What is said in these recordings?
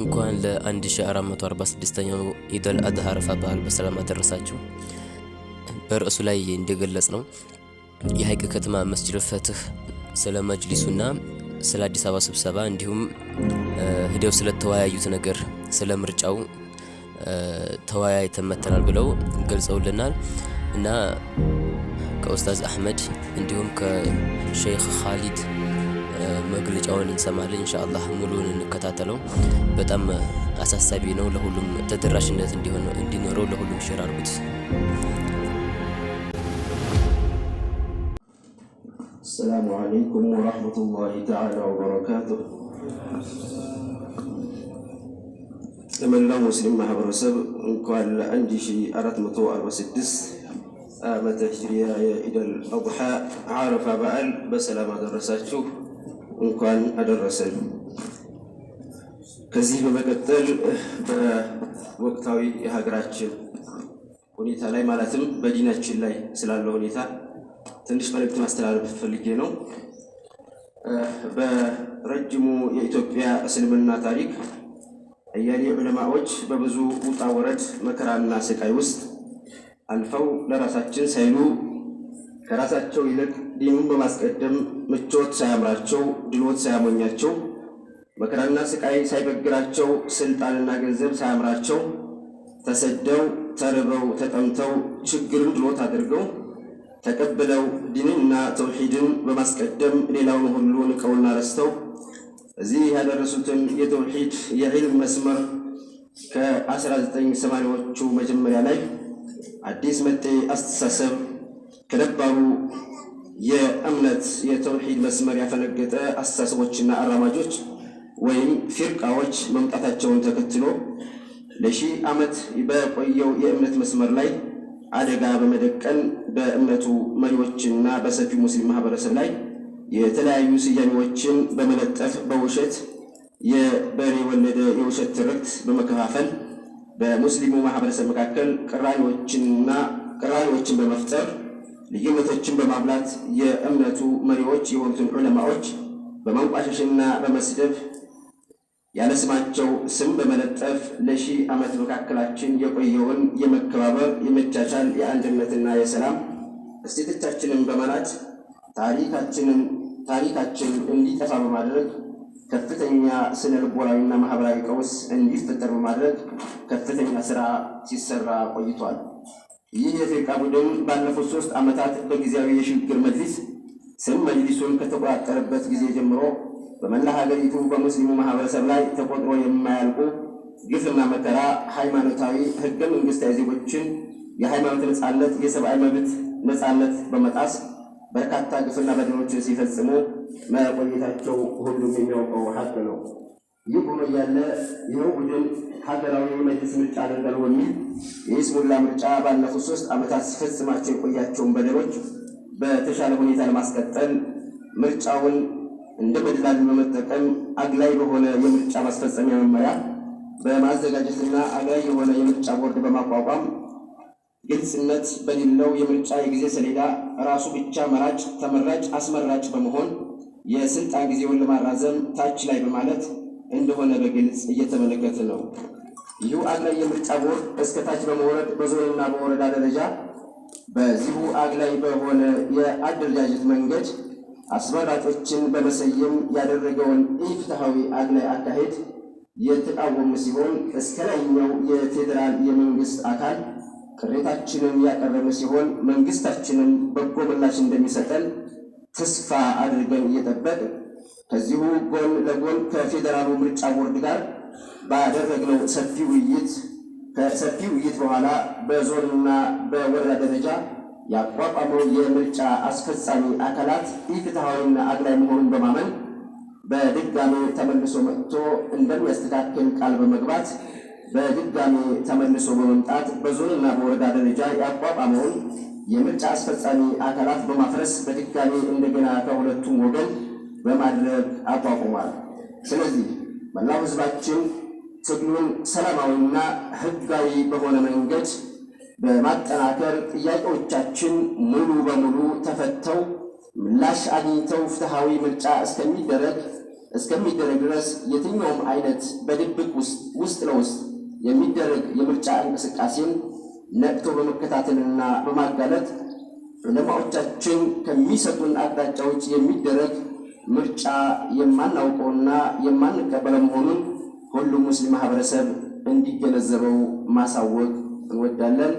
እንኳን ለ1446ኛው ኢደል አድሃ አረፋ በዓል በሰላም አደረሳችሁ። በርዕሱ ላይ እንደገለጽ ነው የሀይቅ ከተማ መስጅድ ፈትህ ስለ መጅሊሱና ስለ አዲስ አበባ ስብሰባ እንዲሁም ሂደው ስለተወያዩት ነገር ስለ ምርጫው ተወያይ ተመተናል ብለው ገልጸውልናል እና ከኡስታዝ አህመድ እንዲሁም ከሼክ ካሊድ መግለጫውን እንሰማለን። ኢንሻአላህ ሙሉውን እንከታተለው። በጣም አሳሳቢ ነው። ለሁሉም ተደራሽነት እንዲሆን እንዲኖረው ለሁሉም ሼር አድርጉት። አሰላሙ አለይኩም ወራህመቱላሂ ተዓላ ወበረካቱ ለመላው ሙስሊም ማህበረሰብ እንኳን ለ1446 ዓመተ ሂጅሪያ የኢደል አድሓ ዓረፋ በዓል በሰላም አደረሳችሁ። እንኳን አደረሰን። ከዚህ በመቀጠል በወቅታዊ የሀገራችን ሁኔታ ላይ ማለትም በዲናችን ላይ ስላለው ሁኔታ ትንሽ መልእክት ማስተላለፍ ፈልጌ ነው። በረጅሙ የኢትዮጵያ እስልምና ታሪክ አያሌ ዑለማዎች በብዙ ውጣ ወረድ መከራና ስቃይ ውስጥ አልፈው ለራሳችን ሳይሉ ከራሳቸው ይልቅ ዲኑን በማስቀደም ምቾት ሳያምራቸው ድሎት ሳያሞኛቸው መከራና ስቃይ ሳይበግራቸው ስልጣንና ገንዘብ ሳያምራቸው ተሰደው ተርበው ተጠምተው ችግርን ድሎት አድርገው ተቀብለው ዲንና ተውሒድን በማስቀደም ሌላውን ሁሉ ንቀውና ረስተው እዚህ ያደረሱትን የተውሒድ የዒልም መስመር ከ1980ዎቹ መጀመሪያ ላይ አዲስ መጤ አስተሳሰብ ከነባሩ የእምነት የተውሂድ መስመር ያፈነገጠ አስተሳሰቦችና አራማጆች ወይም ፊርቃዎች መምጣታቸውን ተከትሎ ለሺህ ዓመት በቆየው የእምነት መስመር ላይ አደጋ በመደቀን በእምነቱ መሪዎችና በሰፊው ሙስሊም ማህበረሰብ ላይ የተለያዩ ስያሜዎችን በመለጠፍ በውሸት የበሬ ወለደ የውሸት ትርክት በመከፋፈል በሙስሊሙ ማህበረሰብ መካከል ቅራኔዎችንና ቅራኔዎችን በመፍጠር ልዩ ቤቶችን በማብላት የእምነቱ መሪዎች የሆኑትን ዑለማዎች በማንቋሸሽና በመስደብ ያለ ስማቸው ስም በመለጠፍ ለሺህ ዓመት መካከላችን የቆየውን የመከባበር፣ የመቻቻል፣ የአንድነትና የሰላም እሴቶቻችንን በመናድ ታሪካችንን ታሪካችን እንዲጠፋ በማድረግ ከፍተኛ ስነ ልቦናዊና ማህበራዊ ቀውስ እንዲፈጠር በማድረግ ከፍተኛ ስራ ሲሰራ ቆይቷል። ይህ የፍሪቃ ቡድን ባለፉት ሶስት ዓመታት በጊዜያዊ የሽግግር መጅሊስ ስም መጅሊሱን ከተቆጣጠረበት ጊዜ ጀምሮ በመላ ሀገሪቱ በሙስሊሙ ማህበረሰብ ላይ ተቆጥሮ የማያልቁ ግፍና መከራ፣ ሃይማኖታዊ ህገ መንግስታዊ ዜጎችን የሃይማኖት ነፃነት፣ የሰብአዊ መብት ነፃነት በመጣስ በርካታ ግፍና በደሎችን ሲፈጽሙ መቆየታቸው ሁሉም የሚያውቀው ሀቅ ነው። ይህ ሆኖ እያለ ይኸው ቡድን ሀገራዊ መጅልስ ምርጫ አደርጋለሁ በሚል የሂዝቡላ ምርጫ ባለፉት ሶስት ዓመታት ሲፈጽማቸው የቆያቸውን በደሎች በተሻለ ሁኔታ ለማስቀጠል ምርጫውን እንደ መድላል በመጠቀም አግላይ በሆነ የምርጫ ማስፈጸሚያ መመሪያ በማዘጋጀትና አግላይ የሆነ የምርጫ ቦርድ በማቋቋም ግልጽነት በሌለው የምርጫ የጊዜ ሰሌዳ ራሱ ብቻ መራጭ፣ ተመራጭ፣ አስመራጭ በመሆን የስልጣን ጊዜውን ለማራዘም ታች ላይ በማለት እንደሆነ በግልጽ እየተመለከት ነው። ይህ አግላይ የምርጫ ቦርድ እስከታች በመውረድ በዞንና በወረዳ ደረጃ በዚሁ አግላይ በሆነ የአደረጃጀት መንገድ አስመራጮችን በመሰየም ያደረገውን ኢፍትሐዊ አግላይ አካሄድ የተቃወሙ ሲሆን እስከ ላይኛው የፌዴራል የመንግስት አካል ቅሬታችንን ያቀረበ ሲሆን መንግስታችንም በጎ ምላሽ እንደሚሰጠን ተስፋ አድርገን እየጠበቅ ከዚሁ ጎን ለጎን ከፌዴራሉ ምርጫ ቦርድ ጋር ባደረግነው ሰፊ ውይይት ከሰፊ ውይይት በኋላ በዞንና በወረዳ ደረጃ ያቋቋመው የምርጫ አስፈጻሚ አካላት ኢፍትሐዊና አግላይ መሆኑን በማመን በድጋሜ ተመልሶ መጥቶ እንደሚያስተካክል ቃል በመግባት በድጋሜ ተመልሶ በመምጣት በዞንና በወረዳ ደረጃ ያቋቋመውን የምርጫ አስፈጻሚ አካላት በማፍረስ በድጋሜ እንደገና ከሁለቱም ወገን በማድረግ አቋቁሟል። ስለዚህ መላው ህዝባችን ትግሉን ሰላማዊና ህጋዊ በሆነ መንገድ በማጠናከር ጥያቄዎቻችን ሙሉ በሙሉ ተፈተው ምላሽ አግኝተው ፍትሐዊ ምርጫ እስከሚደረግ እስከሚደረግ ድረስ የትኛውም አይነት በድብቅ ውስጥ ለውስጥ የሚደረግ የምርጫ እንቅስቃሴን ነቅቶ በመከታተልና በማጋለጥ ዑለማዎቻችን ከሚሰጡን አቅጣጫዎች የሚደረግ ምርጫ የማናውቀውና የማንቀበለው መሆኑን ሁሉም ሙስሊም ማህበረሰብ እንዲገነዘበው ማሳወቅ እንወዳለን።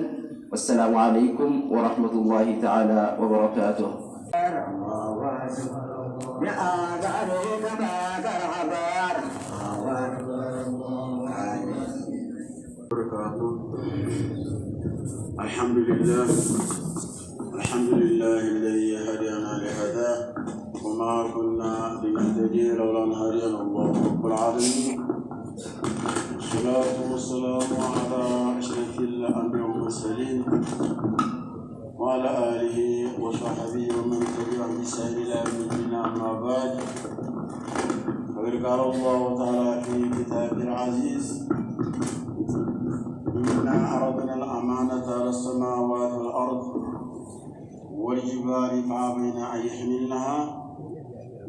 ወሰላሙ አለይኩም ወረሕመቱላሂ ተዓላ ወበረካቱሁ። الحمد لله الحمد لله الذي هدى وما كنا لنهتدي لولا ان هدانا الله رب العالمين الصلاة والسلام على أشرف الأنبياء والمرسلين وعلى آله وصحبه ومن تبعهم بإحسان إلى يوم الدين أما بعد فقد قال الله تعالى في كتابه العزيز إنا أردنا الأمانة على السماوات والأرض والجبال فأبين أن يحملنها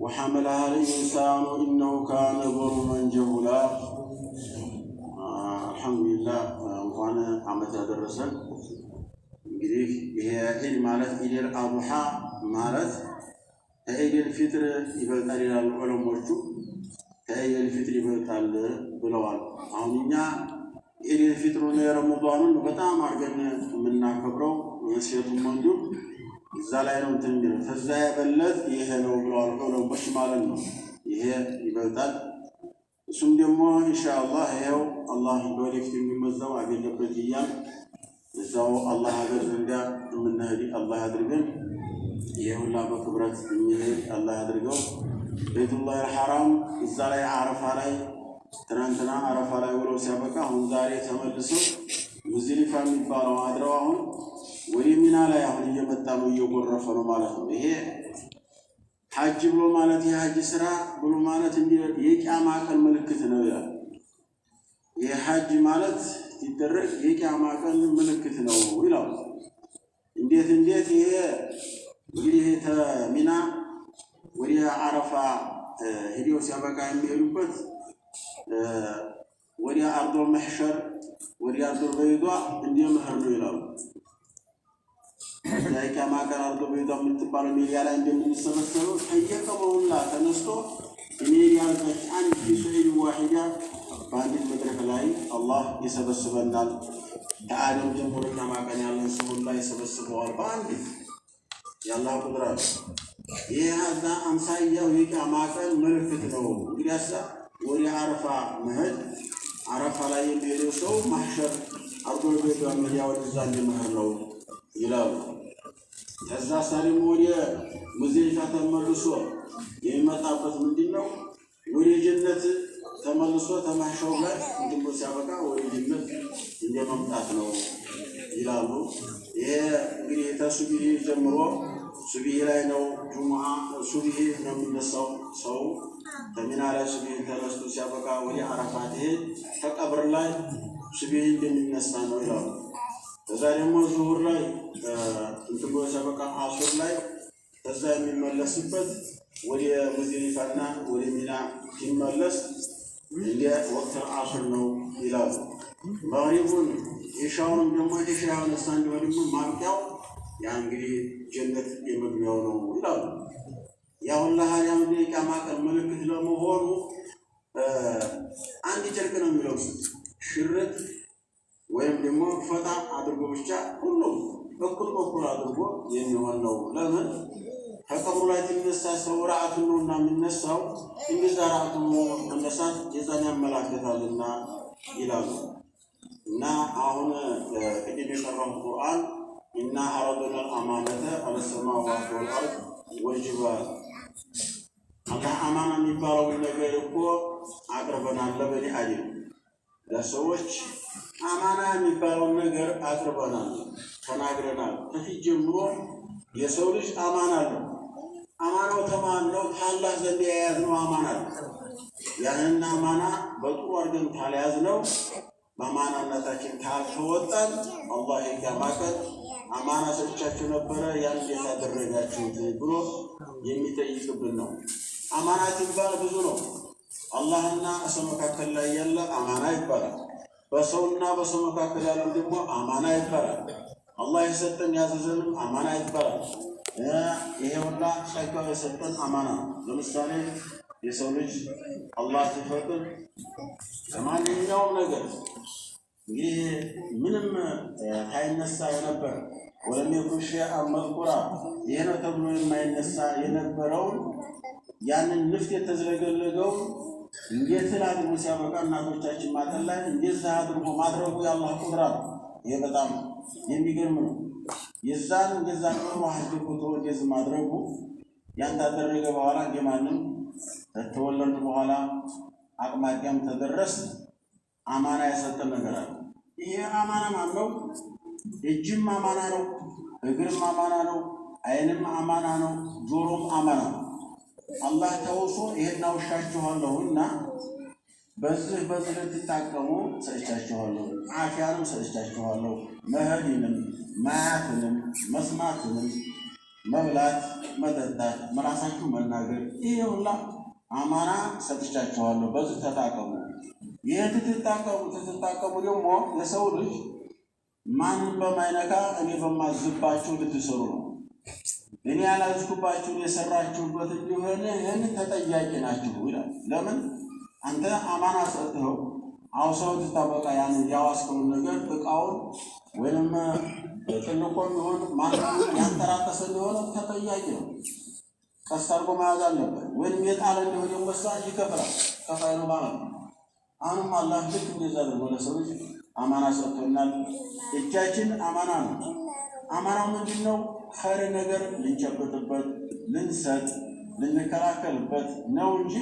وحملها الإنسان إنه كان ظلما جهولا አልሐምዱሊላህ እንኳን አመት ያደረሰን። እንግዲህ ይሄ ዒድ ማለት ዒድል አቡሓ ማለት ከዒድል ፊጥር ይበልጣል ይላሉ ዑለሞቹ፣ ከዒድል ፊጥር ይበልጣል ብለዋል። አሁን እኛ ዒድል ፊጥሩን የረመዷኑን በጣም አድርገን የምናከብረው ሴቱም ወንዱም እዛ ላይ ነው እንትን የሚለው ከዛ የበለጥ ይሄ ነው ብለዋል ዑለሞች ማለት ነው። ይሄ ይበልጣል። እሱም ደግሞ ኢንሻአላህ ይኸው አላህ ወደፊት የሚመዛው አገኘበት እያል እዛው አላህ ሀገር ዘንዳ የምናሄድ አላህ አድርገን ይሄ ሁላ በክብረት የሚሄድ አላህ አድርገው። ቤቱላህ ሐራም እዛ ላይ አረፋ ላይ ትናንትና አረፋ ላይ ውለው ሲያበቃ አሁን ዛሬ ተመልሰው ሙዝዲሊፋ የሚባለው አድረው አሁን ወደ ሚና ላይ አሁን እየመጣ ነው፣ እየጎረፈ ነው ማለት ነው። ይሄ ሀጅ ብሎ ማለት የሀጅ ስራ ብሎ ማለት እንዲ የቂያማ ቀን ምልክት ነው ይላል። የሀጅ ማለት ሲደረግ የቂያማ ቀን ምልክት ነው ይላል። እንዴት እንዴት! ይሄ እንግዲህ ተሚና ወደ አረፋ ሄደው ሲያበቃ የሚሄዱበት ወደ አርዶ መሕሸር ወደ አርዶ በይዷ እንደ ምህር ነው ይላሉ። የቂያማ ቀን ቤቷ የምትባለው ሜዳ ላይ እንደምንሰበሰበው ከየቀበሩላ ተነስቶ ሜዲያን አንድ ፊስዕል ዋሂዳ በአንዲት መድረክ ላይ አላህ ይሰበስበናል። ከአደም ጀምሮና ማቀን ያለን ሰሆን ላይ ይሰበስበዋል በአንድ ያላ ቁድራ ይህ ሀዛ አምሳያው የቂያማ ቀን ምልክት ነው። እንግዲህ ሳ ወደ አረፋ መሄድ አረፋ ላይ የሚሄደው ሰው ማሸር አርጎ ቤቷ ሚዲያ ወደዛ እንዲመህር ነው ይላሉ። ከዛ ሳሪም ወደ ሙዜሊፋ ተመልሶ የሚመጣበት ምንድን ነው? ወደ ጀነት ተመልሶ ተማሻው ጋር እንድሞ ሲያበቃ ወደ ጀነት እንደ መምጣት ነው ይላሉ። ይሄ እንግዲህ ተሱቢሂ ጀምሮ ሱቢሂ ላይ ነው ጁሙዓ ሱቢሂ ነው የሚነሳው ሰው ከሚና ላይ ሱቢሂ ተነስቶ ሲያበቃ ወደ አረፋት ይሄ ተቀብር ላይ ሱቢሂ እንደሚነሳ ነው ይላሉ። እዛ ደግሞ ዙሁር ላይ እንትን ብሎ አሱር ላይ ከዛ የሚመለስበት ወደ ሙዝደሊፋና ወደ ሚና ሲመለስ እንደ ወቅት አሱር ነው ይላሉ። መግሪቡን ኢሻውንም ደግሞ ኢሻ ያነሳ እንዲሆን ደግሞ ማብቂያው ያ እንግዲህ ጀነት የመግቢያው ነው ይላሉ። ያሁን ለሀሪያም የቂያማ ቀን ምልክት ለመሆኑ አንድ ጨርቅ ነው የሚለብሱት ሽርጥ ወይም ደግሞ ፈታ አድርጎ ብቻ ሁሉም እኩል በኩል አድርጎ የሚሆን ነው። ለምን ከቀብሩ ላይ የሚነሳ ሰው ረአቱን ነው እና የሚነሳው እንግዛ ረአቱ መነሳት የዛን ያመላከታልና ይላሉ እና አሁን ቅድም የቀረው ቁርአን እና አረዶና አማነተ አለሰማዋት ወልአርድ ወልጅባል አላህ አማና የሚባለውን ነገር እኮ አቅርበናል ለበኒ አዲም ለሰዎች አማና የሚባለውን ነገር አቅርበናል፣ ተናግረናል። ከፊት ጀምሮ የሰው ልጅ አማና አለው። አማናው ተማን ነው። ከአላህ ዘንድ የያዝነው አማና ነው። ያንን አማና በጥሩ አድርገን ካልያዝነው፣ በአማናነታችን ካልተወጣን አላህ ይጋማቀል። አማና ሰጥቻችሁ ነበረ ያን እንዴት አደረጋችሁት ብሎ የሚጠይቅብን ነው። አማናት ይባል ብዙ ነው። አላህና ሰው መካከል ላይ ያለ አማና ይባላል። በሰውና በሰው መካከል ያለው ደግሞ አማና ይባላል። አላህ የሰጠን ያዘዘንም አማና ይባላል። ይሄ ሁላ ጸጋ የሰጠን አማና ነው። ለምሳሌ የሰው ልጅ አላህ ሲፈጥር ከማንኛውም ነገር ይህ ምንም ሳይነሳ የነበረ ወለም የኩን ሸይአን መዝኩራ ይህ ነው ተብሎ የማይነሳ የነበረውን ያንን ንፍት የተዝረገለገው እንዴት አድርጎ ሲያበቃ እናቶቻችን ማጠን ላይ እንዴት አድርጎ ማድረጉ የአላህ ቁድራ ነው። ይህ በጣም የሚገርም ነው። የዛን እንደዛ ቀሩ ማድረጉ በኋላ እንደማንም ተተወለዱ በኋላ አቅማቂያም ተደረስ አማና ያሰጠን ነገር አለ። ይሄ አማና ነው። እጅም አማና ነው፣ እግርም አማና ነው፣ አይንም አማና ነው፣ ጆሮም አማና ነው። አላህ ተውሶ ይሄን አውሻችኋለሁ እና በዚህ በዚህ ልትታቀሙ ሰጥቻችኋለሁ፣ አፊያንም ሰጥቻችኋለሁ፣ መሄድንም፣ ማያትንም፣ መስማትንም፣ መብላት፣ መጠጣት፣ መራሳችሁ መናገር ይህ ሁላ አማና ሰጥቻችኋለሁ። በዚህ ተታቀሙ። ይህ ትትታቀሙ ትትታቀሙ ደግሞ የሰው ልጅ ማንም በማይነካ እኔ በማዝባችሁ ልትሰሩ ነው። እኔ ያላዝኩባችሁን የሰራችሁበት እንዲሆን ይህን ተጠያቂ ናችሁ ይላል። ለምን አንተ አማና ሰጥተው አውሰው ትታወቃ ያን ያዋስከውን ነገር እቃውን ወይም ጥልቆ ቢሆን ማንም ያንተራቀሰ እንደሆነ ተጠያቂ ነው። ቀስ አድርጎ መያዝ አለበት። ወይም የጣለ እንደሆነ ወሳ ይከፍላል። ከፋይ ነው ማለት ነው። አሁንም አላህ ልክ እንደዛ አድርጎ ለሰው ልጅ አማና ሰጥቶናል። እጃችን አማና ነው። አማና ምንድን ነው? ኸይር ነገር ልንጨብጥበት፣ ልንሰጥ፣ ልንከላከልበት ነው እንጂ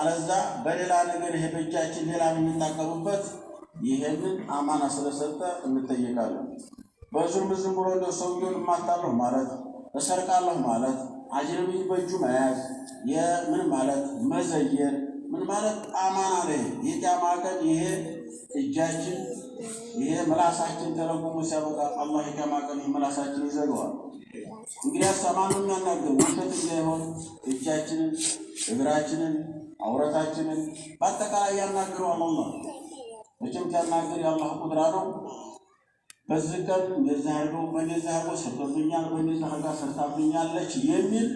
አለዛ በሌላ ነገር ይሄ በእጃችን ሌላ የምንታቀሙበት ይሄንን አማና ስለሰጠ እንጠየቃለን። በዙርም ዝም ብሎ እንደ ሰውየውን እማታለሁ ማለት እሰርቃለሁ ማለት አጅነቢ በእጁ መያዝ የምን ማለት መዘየር ምን ማለት አማና ላይ የቂያማ ቀን ይሄ እጃችን ይሄ ምላሳችን ተረጉሞ ሲያበቃ አላህ የቂያማ ቀን ምላሳችን ይዘገዋል። እንግዲያስ አማኑ የሚያናገር ውሸት እንዳይሆን እጃችንን፣ እግራችንን፣ አውረታችንን በአጠቃላይ ያናገረው አላህ ነው። መቼም ሲያናገር የአላህ ቁድራ ነው። በዚህ ቀን እንደዚህ አድርገው በእንደዚህ አድርገው ሰርቶብኛል፣ በእንደዚህ አድርጋ ሰርታብኛለች የሚል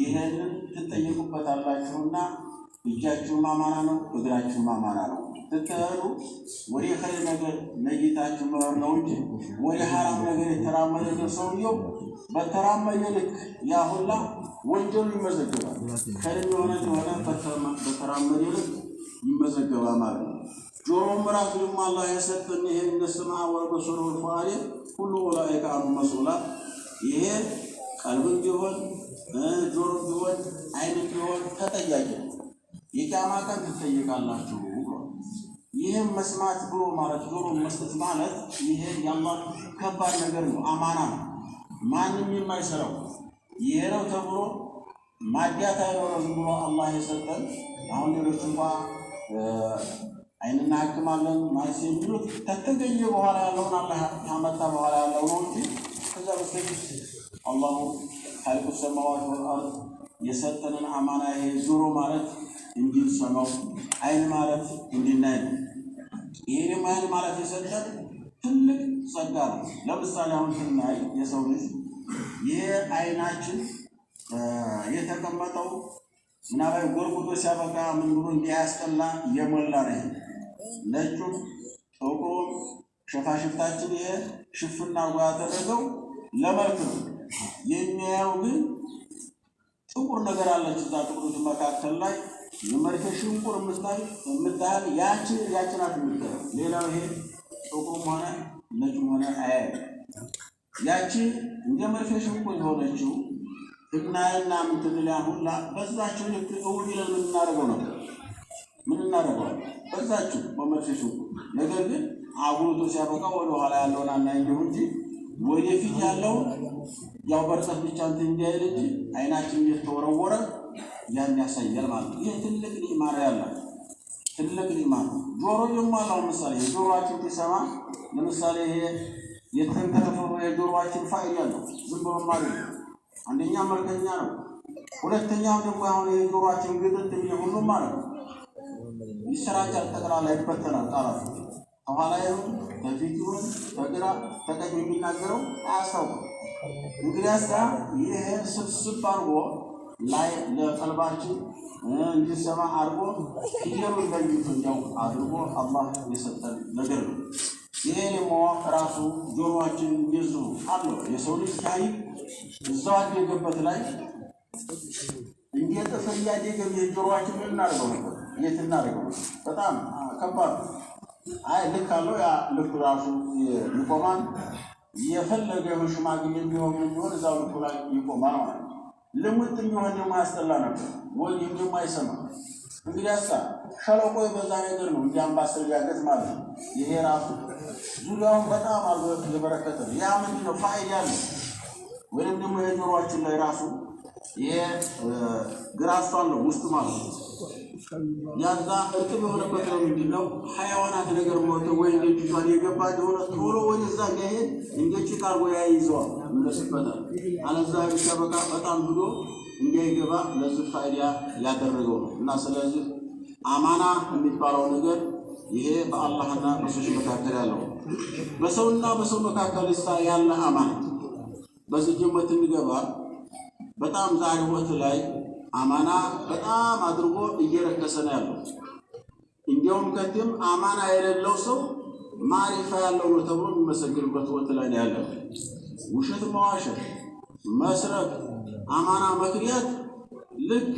ይህንን ትጠየቁበታላችሁና እጃችሁም አማና ነው፣ እግራችሁም አማና ነው። ስትሄዱ ወደ ኸይር ነገር ነይታችሁ መኖር ነው እንጂ ወደ ሐራም ነገር የተራመደ ሰውየው በተራመደ ልክ ያ ሁላ ወንጀሉ ይመዘገባል። ከልም የሆነ የሆነ በተራመደ ልክ ይመዘገባል ማለት ነው። ጆሮም ራሱንም አላህ የሰጠን ይሄ እንደስማ ወለበሶሮ ፈአሌ ሁሉ ላይካ አሉ ይሄ ቀልብም ቢሆን ጆሮ ቢሆን አይን ቢሆን ተጠያቂ ነው። የቂያማ ቀን ትጠይቃላችሁ። ይህም መስማት ብሎ ማለት ጆሮ መስጠት ማለት ይሄ ያላ ከባድ ነገር ነው፣ አማና ነው። ማንም የማይሰራው ይሄ ነው ተብሎ ማዳታ አይኖረ ዝም ብሎ አላህ የሰጠን አሁን ሌሎች እንኳ አይንና ሐክማለን ማለት የሚሉት ከተገኘ በኋላ ያለውን አላህ ካመጣ በኋላ ያለው ነው እንጂ ከዛ በስተፊት አላሁ ታሪኩ ሰማዋት ወልአርድ የሰጠንን አማና ይሄ ዞሮ ማለት እንድንሰማው አይን ማለት እንድናይ ይሄ ደግሞ አይን ማለት የሰጠን ትልቅ ጸጋ ነው። ለምሳሌ አሁን ስናይ የሰው ልጅ ይህ አይናችን የተቀመጠው ምናባዊ ጎርጉቶ ሲያበቃ ምን ብሎ እንዲያስጠላ የሞላ ነው። ነጩም ጥቁሩም ሸፋሽፍታችን ይሄ ሽፍና ጓ ያደረገው ለመልክ ነው። የሚያየው ግን ጥቁር ነገር አለች እዛ ጥቁሮች መካከል ላይ የመርፌ ሽንቁር የምታህል ያችን ያችናት ሌላው ይሄ ጥቁርም ሆነ ነጭም ሆነ አያዩ። ያቺ እንደ መርፌ ሽንኩል የሆነችው ጥቅናይና ምትንልያን ሁላ በዛችሁ ልክ እውን ይለን ምንናደርገው ነው ምንናደርገው በዛችሁ በመርፌ ሽንኩል። ነገር ግን አጉልቶ ሲያበቃ ወደኋላ ያለውን አናየው እንጂ ወደፊት ያለው ያው በርጸት ብቻ እንትን እንዲያይል እንጂ አይናችን እየተወረወረ ያን ያሳያል ማለት ነው። ይህ ትልቅ ኒዕማር ያለው ትልቅ ሊማ ነው። ጆሮ ደግሞ ነው። ምሳሌ ጆሮችን ሲሰማ ለምሳሌ ይሄ የተንተረፈሩ የጆሮችን ፋይል ያለው ዝም ብሎ ማሪ አንደኛ መልከኛ ነው። ሁለተኛም ደግሞ አሁን የጆሮችን ግጥት የሚል ሁሉ ማለት ነው ይሰራጫል፣ ጠቅላላ ይበተናል። ጣላት ከኋላ ይሁን በፊት ይሁን በግራ በቀኝ የሚናገረው አያስታውቅም። እንግዲህ ይሄ ስብስብ አድርጎ ላይ ለቀልባችን እንዲሰማ አድርጎ ይሄሩን ለሚቱ እንዲያው አድርጎ አላህ የሰጠን ነገር ነው። ይሄ ደግሞ ራሱ ጆሮችን ይዙ አለው። የሰው ልጅ ታይ እዛው አደገበት ላይ እንዴት ጥፍር እያደገ ጆሮችን ምን እናደርገው ነበር? የት እናደርገው? በጣም ከባድ። አይ ልክ አለው። ያ ልክ ራሱ ይቆማል። የፈለገ ሽማግሌ የሚሆን የሚሆን እዛው ልኩ ላይ ይቆማል ማለት ነው። ልሙጥ የሚሆን የማያስጠላ ነበር ወይ የማይሰማ እንግዲህ ሳ ሸለቆ የበዛ ነገር ነው። እንዲህ አምባሰል ያገት ማለት ነው። ይሄ ራሱ ዙሪያውን በጣም አልበ የበረከተ ነው። ያ ምንድነው ፋይዳ ነው ወይም ደግሞ የጆሮችን ላይ ራሱ የግራ አስቷል ነው ውስጥ ማለት ነው። ያዛ እርጥብ የሆነበት ነው ምንድን ነው ሀያዋናት ነገር ሞተ ወይ እንደ ጭቷን የገባ ደሆነ ቶሎ ወደዛ እንዳይሄድ እንደ ጭቃ ጎያ ይዘዋል ይመስበታል። አለዛ ሸበቃ በጣም ብሎ እንዳይገባ ለዚህ ፋይዳ ያደረገው ነው። እና ስለዚህ አማና የሚባለው ነገር ይሄ በአላህና በሰዎች መካከል ያለው በሰውና በሰው መካከል ሳ ያለ አማና በዚህ ጀመት የሚገባ በጣም ዛሬ ላይ አማና በጣም አድርጎ እየረከሰ ነው ያለው። እንዲያውም ከትም አማና የሌለው ሰው ማሪፋ ያለው ነው ተብሎ የሚመሰግንበት ወቅት ላይ ነው ውሸት መዋሸት፣ መስረቅ፣ አማና መክንያት ልክ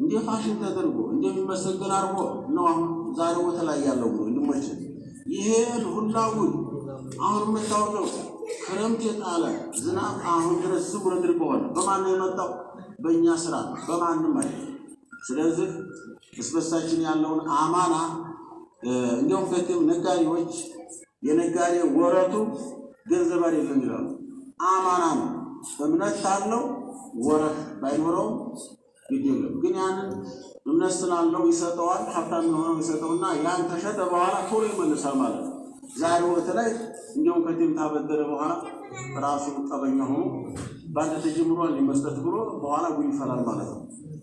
እንደ ፋሽን ተደርጎ እንደሚመሰገን አድርጎ ነው አሁን ዛሬ ወተ ላይ ያለው ወንድሞች። ይሄን ሁላውን አሁን የምታውቀው ክረምት የጣለ ዝናብ አሁን ድረስ ስውር ምድር በማን ነው የመጣው? በእኛ ስራ፣ በማንም አይደለም። ስለዚህ እስበሳችን ያለውን አማና እንዲሁም ፈትም ነጋዴዎች የነጋዴ ወረቱ ገንዘብ አይደለም ይላሉ። አማና ነው። እምነት ካለው ወረት ባይኖረውም ግድ የለም። ግን ያንን እምነት ስላለው ይሰጠዋል። ሀብታም የሆነው ይሰጠውና ያን ከሸጠ በኋላ ቶሎ ይመልሳል ማለት ነው። ዛሬ ወተ ላይ እንዲሁም ከድምፅ ታበደረ በኋላ ራሱ ጠበኛ ሆኖ በአንድ ተጀምሯል ሊመስጠት ብሎ በኋላ ጉድ ይፈላል ማለት ነው።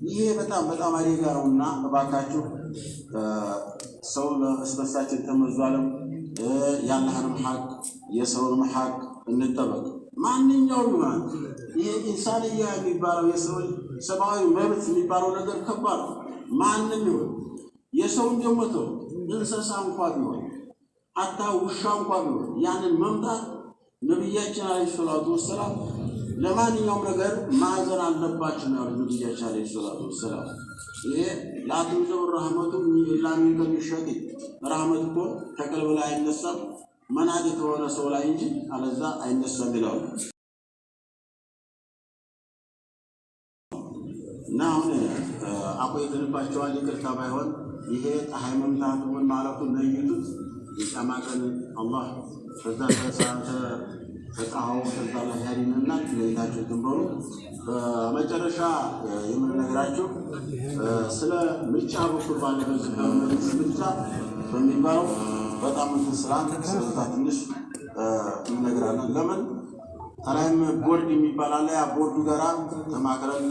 ይሄ በጣም በጣም አደጋ ነው እና እባካችሁ ሰው ለስበሳችን ተመዟለም የአላህንም ሀቅ የሰውንም ሀቅ እንጠበቅ። ማንኛውም ይሆናል ይሄ ኢንሳንያ የሚባለው የሰው ሰብአዊ መብት የሚባለው ነገር ከባድ ማንም ይሆን የሰውን ጀመተው እንስሳ እንኳ ቢሆን አታ ውሻ እንኳ ቢሆን ያንን መምታት ነቢያችን አለ ሰላቱ ወሰላም ለማንኛውም ነገር ማዕዘን አለባችሁ ነው ያሉት ነቢያችን አለ ሰላቱ ወሰላም። ይሄ ለአትምዘው ረህመቱ ላሚን ከሚሸት ረህመት እኮ ከቅልብ ላይ አይነሳም መናድ ከሆነ ሰው ላይ እንጂ አለዛ አይነሳም ይላሉ። እና አሁን አቆይተንባቸዋል። ይቅርታ ባይሆን ይሄ ፀሐይ መምታቱ ምን ማለቱ ነይቱት የቂያማ ቀን አላህ በዛ በሰዓተ በጣው ከዛ ላይ ያድነና ለይታችሁ ትንበሩ። በመጨረሻ የምንነግራችሁ ስለ ምርጫ በኩል ባለበት ምርጫ በሚባለው በጣም ስላን ስለዛ ትንሽ እንነግራለን። ለምን ተላይም ቦርድ የሚባል አለ። ያ ቦርዱ ጋራ ተማክረን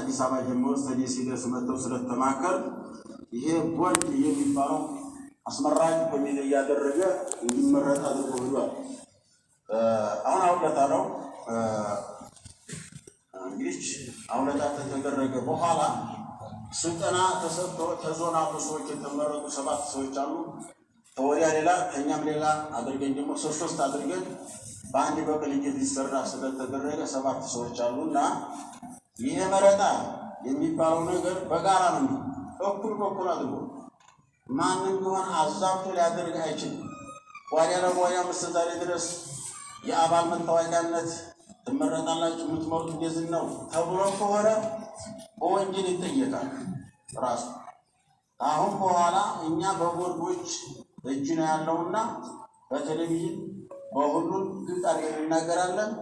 አዲስ አበባ ጀምሮ ስተዲ ሲደርስ መጥተው ስለተማከር ይሄ ቦርድ የሚባለው አስመራጭ ኮሚቴ እያደረገ እንዲመረጥ አድርጎ ብሏል። አሁን አውለታ ነው እንግዲህ አውለታ ከተደረገ በኋላ ስልጠና ተሰጥቶ ተዞናሉ ሰዎች የተመረጡ ሰባት ሰዎች አሉ። ተወዲያ ሌላ ከእኛም ሌላ አድርገን ደግሞ ሶስት ሶስት አድርገን በአንድ በቅንጅት ሊሰራ ስለተደረገ ሰባት ሰዎች አሉ እና ይህ መረጣ የሚባለው ነገር በጋራ ነው። እኩል በኩል አድርጎ ማንም ቢሆን አዛብቶ ሊያደርግ አይችልም። ዋዲያ ለዋዲያ ምስዛሬ ድረስ የአባል መታወቂያነት ትመረጣላችሁ፣ የምትመርጡ እንደዚህ ነው ተብሎ ከሆነ በወንጀል ይጠየቃል ራሱ። አሁን በኋላ እኛ በቦርዶች እጅ ነው ያለውና በቴሌቪዥን በሁሉም ግልጣሪ እንናገራለን። እናገራለን።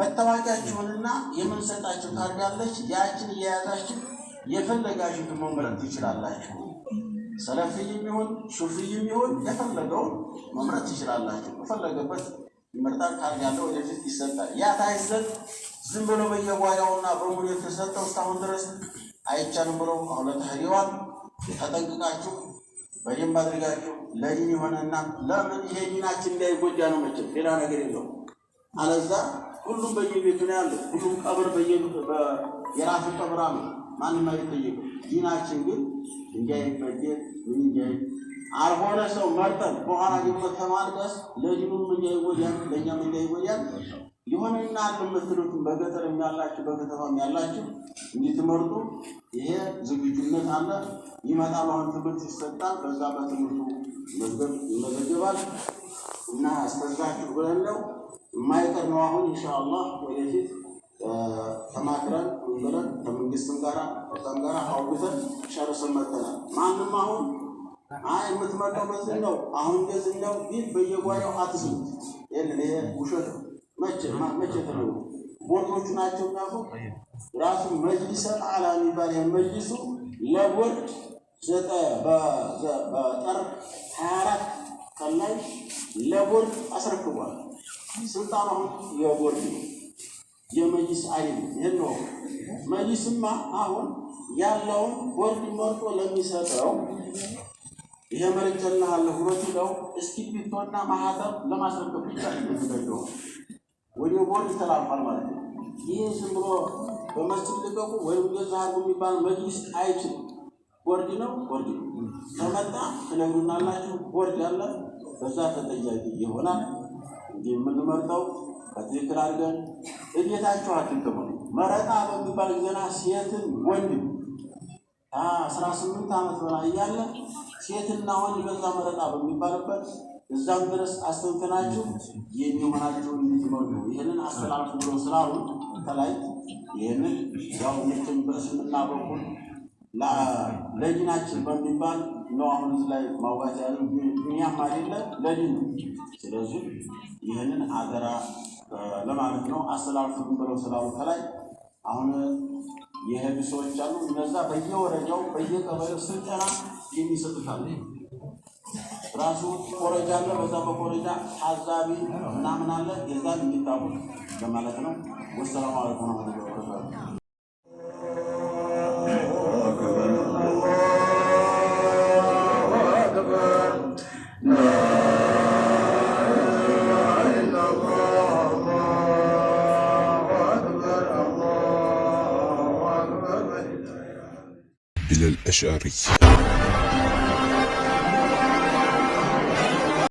መታወቂያችሁንና የምንሰጣችሁ ታርጋለች ያችን እየያዛችሁ የፈለጋችሁትን መምረጥ ትችላላችሁ። ሰለፊይም የሚሆን ሱፊይም የሚሆን የፈለገውን መምረጥ ትችላላችሁ። የፈለገበት ይመርጣል። ካል ያለው ወደፊት ይሰጣል። ያ ታይሰጥ ዝም ብሎ በየጓዳውና በሙሉ የተሰጠው እስካሁን ድረስ አይቻልም ብሎ አሁለት ህሪዋን ተጠንቅቃችሁ በደንብ አድርጋችሁ ለዲን የሆነና ለምን ይሄ ዲናችን እንዳይጎዳ ነው። መቼም ሌላ ነገር የለው። አለዛ ሁሉም በየቤቱ ነው ያለው። ሁሉም ቀብር የራሱ ቀብራ ነው። ማንም አይጠየቅም። ዲናችን ግን ድንጋይ ይበጀት ምንጃይ አልሆነ ሰው መርጠን በኋላ ደግሞ ተማልቀስ ለዲኑም እንዳይጎዳል ለእኛም እንዳይጎዳል የሆነና የምትሉትን በገጠር ያላችሁ በከተማም ያላችሁ እንዲትመርጡ ይሄ ዝግጁነት አለ። ይመጣል። አሁን ትምህርት ይሰጣል። በዛ በትምህርቱ መዝገብ ይመዘገባል እና እስከዛችሁ ብለን ነው የማይቀር ነው። አሁን ኢንሻአላህ ወደፊት ተማክረን አድርገን ጨርሰን መጥተናል። ማንም አሁን አይ የምትመጣው በዚህ ነው አሁን እንደዚህ ነው ቢል በየጓዳው አትስሙት። ይሄን ይሄ ውሸት ነው። መቼ መቼ ተለው ቦርዶቹ ናቸው ራሱ ራሱ መጅሊስ አላ የሚባል መጅሊሱ ለቦርድ ዘጠ በጠር 24 ቀን ላይ ለቦርድ አስረክቧል። ስልጣኑ አሁን የቦርድ ነው፣ የመጅሊስ አይደለም። ይሄን ነው መጅሊስማ አሁን ያለውን ወልድ መርጦ ለሚሰጠው ይሄ መሬት ጀልሃለሁ ሁለቱ ለው እስክሪብቶና ማህተም ለማስረከብ ብቻ የሚደገው ወዲያው ቦርድ ተላልፏል ማለት ነው። ይህ ዝም ብሎ በመስጅድ ልቀቁ ወይም ገዛ አድርጉ የሚባል መጅሊስ አይችልም። ወርድ ነው ወርድ ነው ከመጣ ትነግሩናላችሁ። ወርድ ያለ በዛ ተጠያቂ ይሆናል። እንዲህ የምንመርጠው በትክክል አድርገን እቤታችሁ አትንክሙ። መረጣ በሚባል ጊዜና ሴትን ወንድም አስራ ስምንት ዓመት በላይ እያለ ሴትና ወንድ በዛ መረጣ በሚባልበት እዛም ድረስ አስተውተናችሁ የሚሆናችሁ እንድትመርጡ ይህንን አስተላልፉ ብሎ ስላሉ ከላይ ይህንን ያው ምትን በእስልምና በኩል ለዲናችን በሚባል ነው አሁን እዚህ ላይ ማውጋት ያለ ዱኒያ አይደለ ለዲን ነው። ስለዚህ ይህንን አደራ ለማለት ነው አስተላልፉ ብሎ ስላሉ ከላይ አሁን የህግ ሰዎች አሉ። እነዛ በየወረጃው በየቀበሌው ስልጠና የሚሰጡታል። ራሱ ኮረጃ አለ። በዛ በኮረጃ ታዛቢ ምናምን አለ። የዛን እንዲታወቅ ለማለት ነው። ወሰላሙ አለይኩም ነው eş'ari.